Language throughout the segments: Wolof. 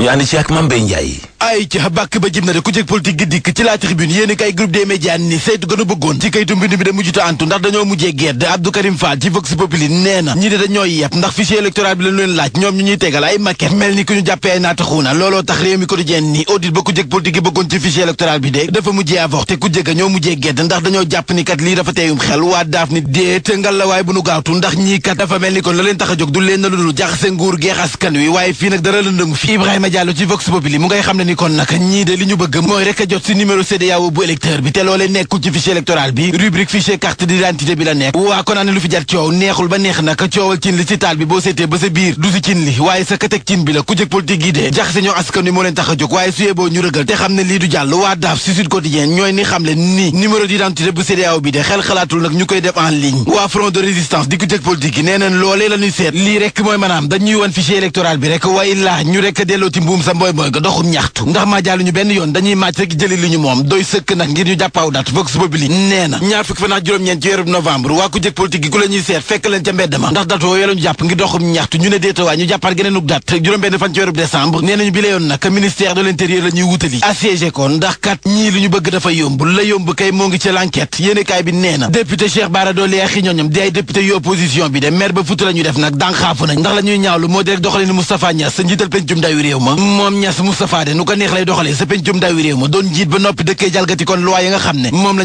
يعني شيخ من بين جاي ay ca ba jib na de ku jëkk politique gi dikk ci la tribune yéen kay groupe des médias ni saytu gën a bëggoon ci kayitu mbind bi da mujjuta antu ndax dañoo mujjee gedd Abdou Karim Fall ci Vox Populi nee ñi de dañoo yeb ndax fichier électoral bi lañ leen laaj ñoom ñuy tegal ay maquette mel ni ku ñu jàppee ay naataxuuna looloo tax réew mi quotidien ni audit ba ku jëkk politique gi bëggoon ci fichier électoral bi de dafa mujjee avorté ku jëkk ñoo mujjee gedd ndax dañoo jàpp ni kat lii dafa teeyum xel waa daaf ni déet ngal la waay bu nu gaawtu ndax ñii kat dafa mel ni kon la leen tax a jóg du leen na lu dul nguur geex askan wi waaye fii nag dara lëndëngu fi Ibrahima Diallo ci Vox Populi mu ngay xam kon nag ñii de li ñu bëgg mooy rek a jot si numéro CEDEAO bu électeur bi te loolee nekkul ci fichier électoral bi rubrique fichier carte d'identité bi la nekk waa kon lu fi jar coow neexul ba neex nag coowal cin li ci taal bi boo seetee ba sa biir du si li waaye sa kateg cin bi la ku jëk politique yi dee jaxase ñoo askan wi moo leen tax a jóg waaye suyee boo ñu rëgal te xam ne lii du jàll waa daaf si Sud ñooy ni xam le ni numéro d'identité bu CEDEAO bi de xel xalaatul nag ñu koy def en ligne waa front de résistance nee nañ loolee la ñuy lii rek mooy maanaam dañuy wan fichier électoral bi rek waaye laa ñu rek delloo ci mbuum sa mbooy mbooy ñaxtu ndax maa jaalu ñu benn yoon dañuy màcc rek jëli li ñu moom doy sëkk nag ngir ñu jàppaaw dat vox populi nee na ñu jàpp yoon nag ministère de l'intérieur la ñuy wutali assiégé ndax kat ñii li ñu bëgg dafa yomb la yomb kay moo ngi ci l'enquête yéenekaay bi nee na député Cheikh Bara Dolly ñoñom di ay député yu opposition bi de maire ba futu la def nag dànxaafu nañ ndax la ñuy ñaawlu moo di rek doxalin Moustapha Niass njiital pencum ndayu ko neex lay doxale ma doon njiit ba noppi dëkkee jalgati kon loi yi nga xam ne moom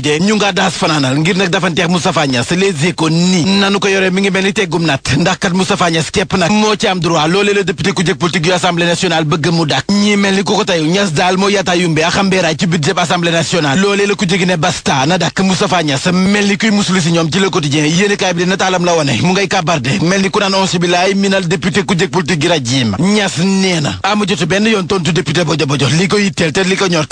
de ñu ngaa daas fanaanal ngir nag dafanteex Moustapha Niass les échos ni nanu ko yoree mi ngi mel ni teggum natt ndax kat Moustapha Niass képp nag moo ci am droit loolee la député ku jëkk politique yu assemblée nationale bëgg mu dàkk ñii mel ni ku ko tayu Niass daal moo yaataa yumbe axambeeraay ci budget assemblée nationale loolee la ku jëgi ne basta na dàkk Moustapha Niass mel ni kuy musulu si ñoom ci le quotidien yéen i kaay la wone mu ngay kàbbarde mel ni gi rajiim ñas nee na amu jotu ko yitteel te li ko ñor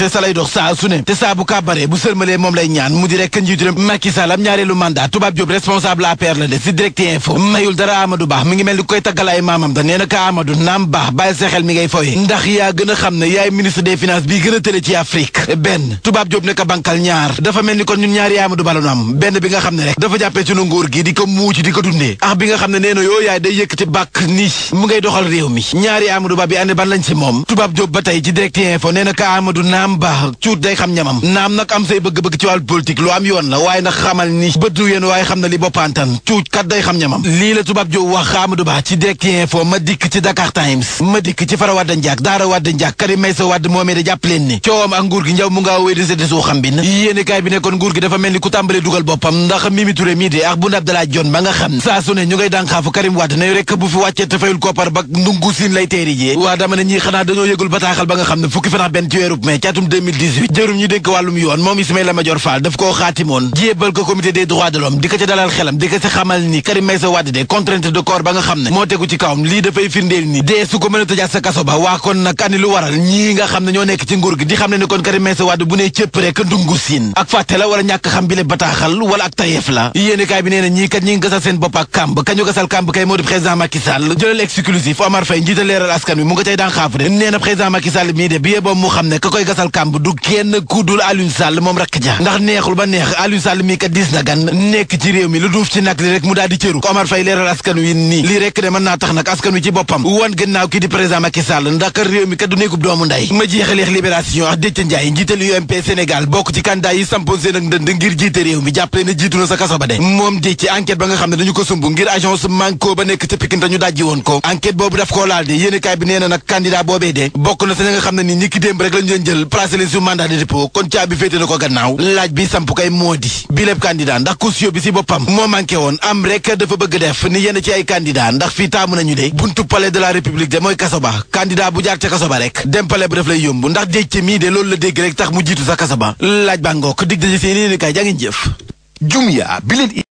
mu Ba mi ngi mel ni koy taggal ay maamam da nee na ka naam baax bàyyi sa xel mi ngay foye ndax yaa gën a xam ne yaay ministre des finances bi gën a tële ci Afrique benn tubaab Diop ne ka ñaar dafa mel ni kon ñun ñaari Amadou Ba la am benn bi nga xam ne rek dafa jàppee nu nguur gi di ko muuc di ko dundee ah bi nga xam ne nee na nish, yaay day yëkkati bàkk ni mu ngay doxal réew mi ñaari Amadou Ba bi ane ban lañ si moom tubaab Diop ba tey ci direct info nee na ka Amadou naam ba cuut day xam ñamam naam nag am say bëgg-bëgg ci wàllu politique lu am yoon la waaye nag xamal ni bëddu yéen waaye xam li boppantan cuut kat day xam ñamam lii la tubaab Diop wax Amadou Ba ci direct info ma dikk ci Dakar Times ma dikk ci Fara Wade Ndiak Daara Wade Ndiak Karim Meïssa Wade moomee da jàpp leen ni coowam ak nguur gi ñaw mu nga wéy di xam bi na bi nekkoon nguur gi dafa mel ku dugal boppam ndax Mimi mii di ak Boun Abdallah Dionne ba nga xam saa su ne ñu ngay dànxaafu Karim Wade nañu rek bu fi wàccee te koppar ba ndungu siin lay teeri jee waa dama ne ñii xanaa dañoo yëgul bataaxal ba nga xam ne fukki fan benn ci weerub caatum jërum ñu dénk wàllum yoon moom Ismaïla Madior Fall daf koo xaatimoon jébbal ko comité des droits de l'homme di ko ca dalal xelam di ko ci xamal ni Karim Meïssa Wade de de corps jaaxal wala ak tayeef la yéenekaay bi nee ñii kat ñi ngi seen bopp kàmb kañu gasal kàmb kay moo di président Macky jëlal exclusif Omar Faye njiital leeral askan wi mu nga cay daan xaafre nee na président Macky mii de bi yeboo mu xam ne ka koy gasal kàmb du kenn ku dul Aliou moom rakk ja ndax neexul ba neex Aliou Sall mii kat dis na gan nekk ci réew mi lu duuf ci nag li rek mu daal di cëru Omar Faye leeral askan wi nii lii rek de mën naa tax bokk ci candidat yi sampoon seen ak bi jàppale ne jiitu na sa kaso ba de moom di ci enquête ba nga xam ne dañu ko sumb ngir agence manko ba nekk ca Pikine dañu dajji woon ko enquête boobu daf koo laal de yéenekaay bi nee nag candidat boobee de bokk na sa nga xam ne ni ñi démb rek lañu leen jël placé su mandat de dépôt kon caabi féete na ko gannaaw laaj bi samp kay moo di bi lépp ndax caution bi si boppam moo manqué woon am rek dafa bëgg def ni yenn ci ay candidat jumya bi leen